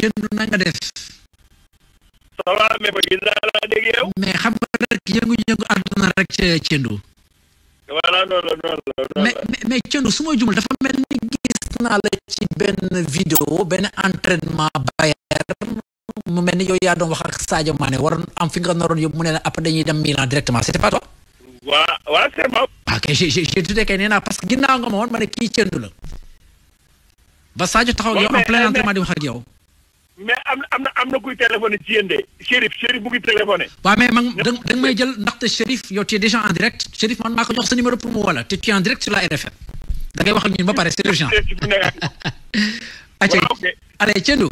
kenn na nga def. mais xam nga rek yëngu-yëngu àdduna rek ca Cendu. mais mais Cendu su ma jumul dafa mel ni gis naa la ci benn vidéo benn entraînement Bayern mu mel ni yow yaa doon wax ak Sadio Mané waroon am fi nga naroon yóbbu mu ne la dañuy dem Milan directement c'était pas toi. waa waa c'est bon. Ah, ok j' ai j' ai tuddee parce que ginnaaw nga ma woon ma ne kii Cendu la. ba Sadio taxaw yow en plein entraînement di wax ak yow. mais am na am na am na kuy téléphoné ci yéen de Chérif Chérif mu ngi téléphoné. mais man da nga may jël ndaxte Chérif yow tu es déjà en direct Chérif man maa ko jox sa numéro pour mu wala te tu es en direct sur la RFM da wax ak ñun ba pare c'est urgent. waaw ok allez Thiendou.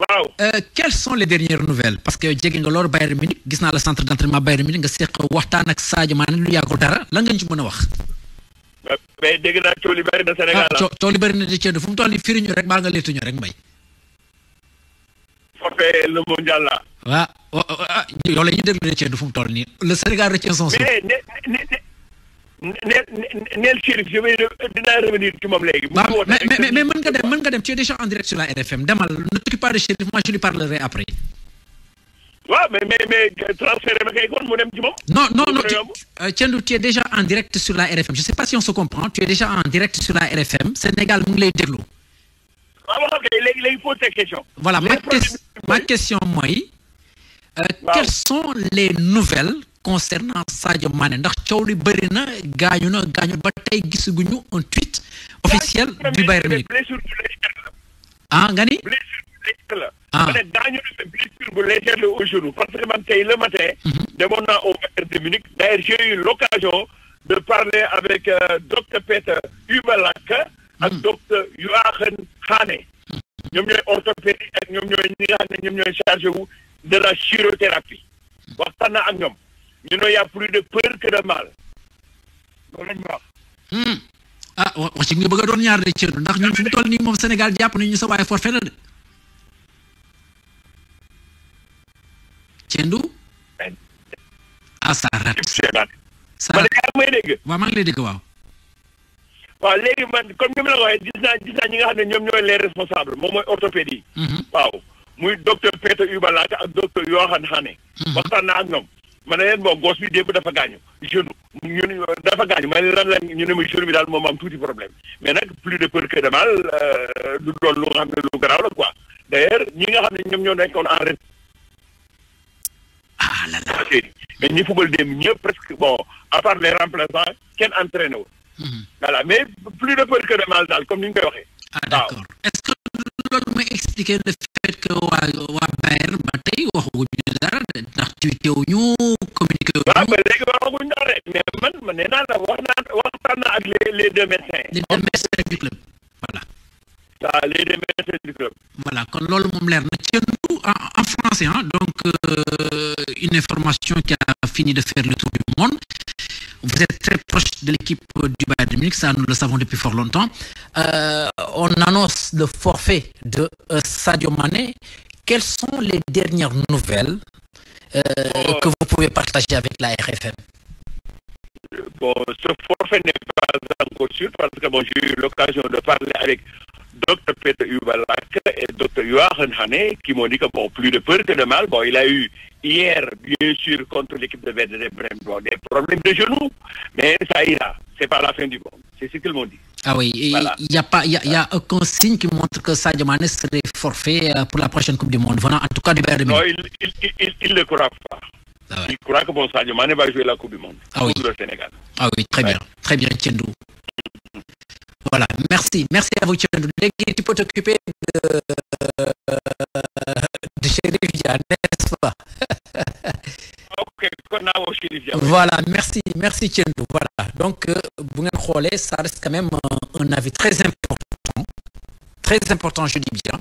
waaw. Euh, quelles sont les dernières nouvelles parce que jege nga loolu Bayern Munich gis naa la centre d'entraînement Bayern Munich nga seq waxtaan ak Sadio Mané lu yàggul nga ñu ci mën a wax. stoppé le mondial là. waaw ah, oh, oh, ah yow la ñuy déglu rëcc du fu mu toll nii. le Sénégal de son souffle. mais ne ne ne neel Chérif je vais dinaa revenir ci moom léegi. mais mais mais mën nga dem mën nga dem tu es déjà en direct sur la RFM demal ne t'occupe de Chérif moi je lui parlerai après. waaw mais mais mais transféré ba kay kon mu non non non Tiendou euh, tu es déjà en direct sur la RFM je sais pas si on se comprend tu es déjà en direct sur la RFM Sénégal mu ngi lay déglu. waaw ah, waxal kay léegi léegi pose question. voilà ma question ma mooy. Euh, quelles sont les nouvelles concernant Sadio Mané ndax coow li bëri na gaañu na gaañu ba tey gisaguñu un tweet officiel ah, du Bayern ah nga ni. Ah. blessure bu légère la aujourd'hui parce que man tey le matin. Mhm. demoon naa au Bayern de Munich. d'ailleurs j'ai eu l'occasion de parler avec euh, docteur Peter Hubelack. ak mhm. docteur Joachim xaame ñoom ñooy orthopédie ak ñoom ñooy ñi xam ne ñoom ñooy chargé wu de la chirothérapie waxtaan naa ak ñoom ñu ne y a plus de peur que de mal loolu ñu wax. Hmm. ah wax ci nga bëgg a doon ñaar de Thierno ndax ñun fi mu toll nii moom Sénégal jàpp nañu sa waaye forfait na de. Thierno. ah Sarat. Sarat waaw maa ngi lay waaw. waaw léegi man comme ni ma la waxee gis naa gis ne ñoom ñooy les responsables moom mooy orthopédie mhm. waaw muy docteur Peter Ubalaga ak docteur Yohan Hane mhm. waxtaan naa ak ñoom ma ne leen bon goos bi démb dafa gaañu genou ñun dafa gaañu ma ne lan lan ñu ne muy genou bi daal moom am tuuti problème mais nag plus de peur que de mal euh, du doon lu nga xam ne lu garaaw la quoi d'ailleurs ñi nga xam ne ñoom ñoo nekkoon en ret ah la la mais ñi football démb ñëpp presque bon à part les remplaçants kenn entraîné wu voilà mais plus de peur mal daal comme ni ñu koy waxee. ah d'accord est loolu mooy expliquer le fait que waa waa Bayer ba tey waxaguñu dara ndax tuuti wu ñu communiqué wu ñu. waaw ba léegi waxaguñu dara mais man ma nee naa la wax naa waxtaan naa ak les les deux les deux médecins du club voilà. waaw les deux médecins du club. voilà kon loolu moom leer na. lancé, donc euh, une information qui a fini de faire le tour du monde. Vous êtes très proche de l'équipe euh, du Bayern de Munich, ça nous le savons depuis fort longtemps. Euh, on annonce le forfait de Sadio Mané. Quelles sont les dernières nouvelles oh. que vous pouvez partager avec la RFM ce forfait n'est pas encore sûr parce que j'ai eu l'occasion de parler avec Dr Peter Ubalak et Dr Joachim Hané qui m'ont dit que bon, plus de peur que de mal, bon, il a eu hier, bien sûr, contre l'équipe de Werder Bremen, bon, des problèmes de genoux, mais ça c'est pas la fin du monde, c'est ce qu'ils m'ont dit. il voilà. a pas, il y a, a aucun signe qui montre que Sadio Mané serait forfait euh, pour la prochaine Coupe du Monde, venant en tout cas du Werder Bremen. Non, il, il, il, il, ne ah croit que bon, Sadio Mané va jouer la Coupe du Monde. Ah ah oui. très bien, très Voilà, merci. Merci à vous, Tu peux t'occuper de, de nest pas Voilà, merci, merci Tiendou. Voilà, donc, euh, Bungan ça reste quand même un, avis très important, je dis bien,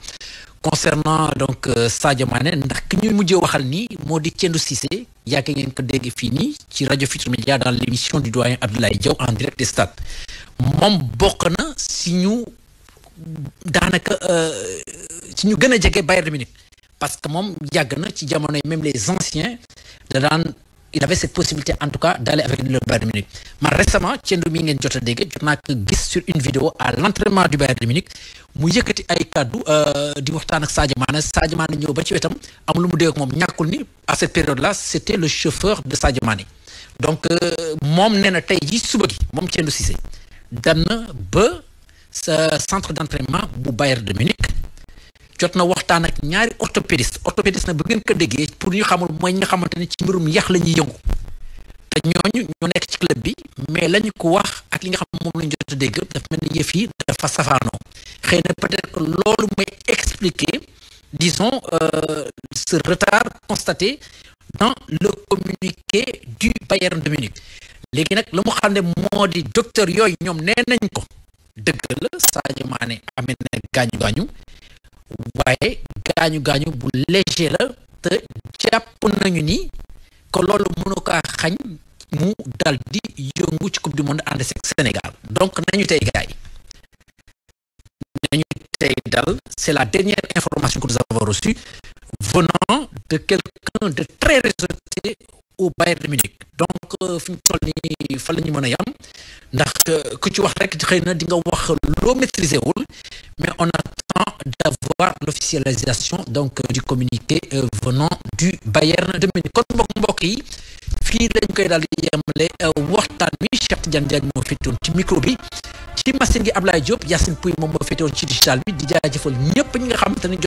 concernant donc euh, Sadio Mané. Ndax ki ñu mujjé waxal ni moo di Tiendou Cissé, yaaka ngeen ko dégg fini ci Radio Futur Média dans l'émission du doyen Abdoulaye Diaw en direct des stades. moom bokk na si ñu daanaka euh, si ñu gën a jege Bayern de Munich parce que moom yàgg na ci jamono yi même les anciens da daan il avait cette possibilité en tout cas d'aller avec le Bayern de Munich man récemment ngeen jot a dégg jot une vidéo à l'entraînement du Bayern de Munich mu yëkkati ay kàddu euh, di waxtaan ak Sadio Mané Sadio Mané ñëw ba ci wetam am lu mu dégg ak moom ñàkkul ni à cette période là c'était le chauffeur de Sadio Mané donc euh, moom nee na tey jii suba gi moom Thiendou Cissé dem na ba sa centre d'entraînement bu Bayern de Munich jot na waxtaan ak ñaari orthopédiste orthopédiste na bu ngeen ko déggee pour ñu xamul mooy ñi nga xamante ne ci mbirum yax la ñuy yëngu te ñooñu ñoo nekk ci club bi mais lañu ko wax ak li nga xam moom lañu jot a dégg dafa mel ni yëf yi dafa safaanoo xëy na peut-être que loolu mooy expliquer disons euh, ce retard constaté dans le communiqué du Bayern de Munich léegi nag la mu xam ne moo di docteur yooyu ñoom nee nañ ko dëgg la Sadio Mané amee na gaañu gaañu waaye gaañu gaañu bu léger la te jàpp nañu ni que loolu mënu kaa xañ mu dal di yëngu ci coupe du monde ànd Sénégal donc nañu tey gaay nañu tey dal c'est la dernière information que nous avons venant de quelqu'un de très réseauté au Bayern de fi mu toll nii fa la ñu mën a yam ndax euh, ku ci wax rek xëy na di nga wax loo maîtriser wul mais on attend d'avoir l'officialisation donc euh, du communiqué euh, venant du Bayern de Munich kon mbokk mbokk yi fii lañ koy daal di yemale waxtaan wi Cheikh Tidiane Diagne moo féetoon ci micro bi ci machine gi Ablaye Diop Yacine Pouy moom moo féetoon ci digital bi di jaajëfal ñëpp ñi nga xamante ni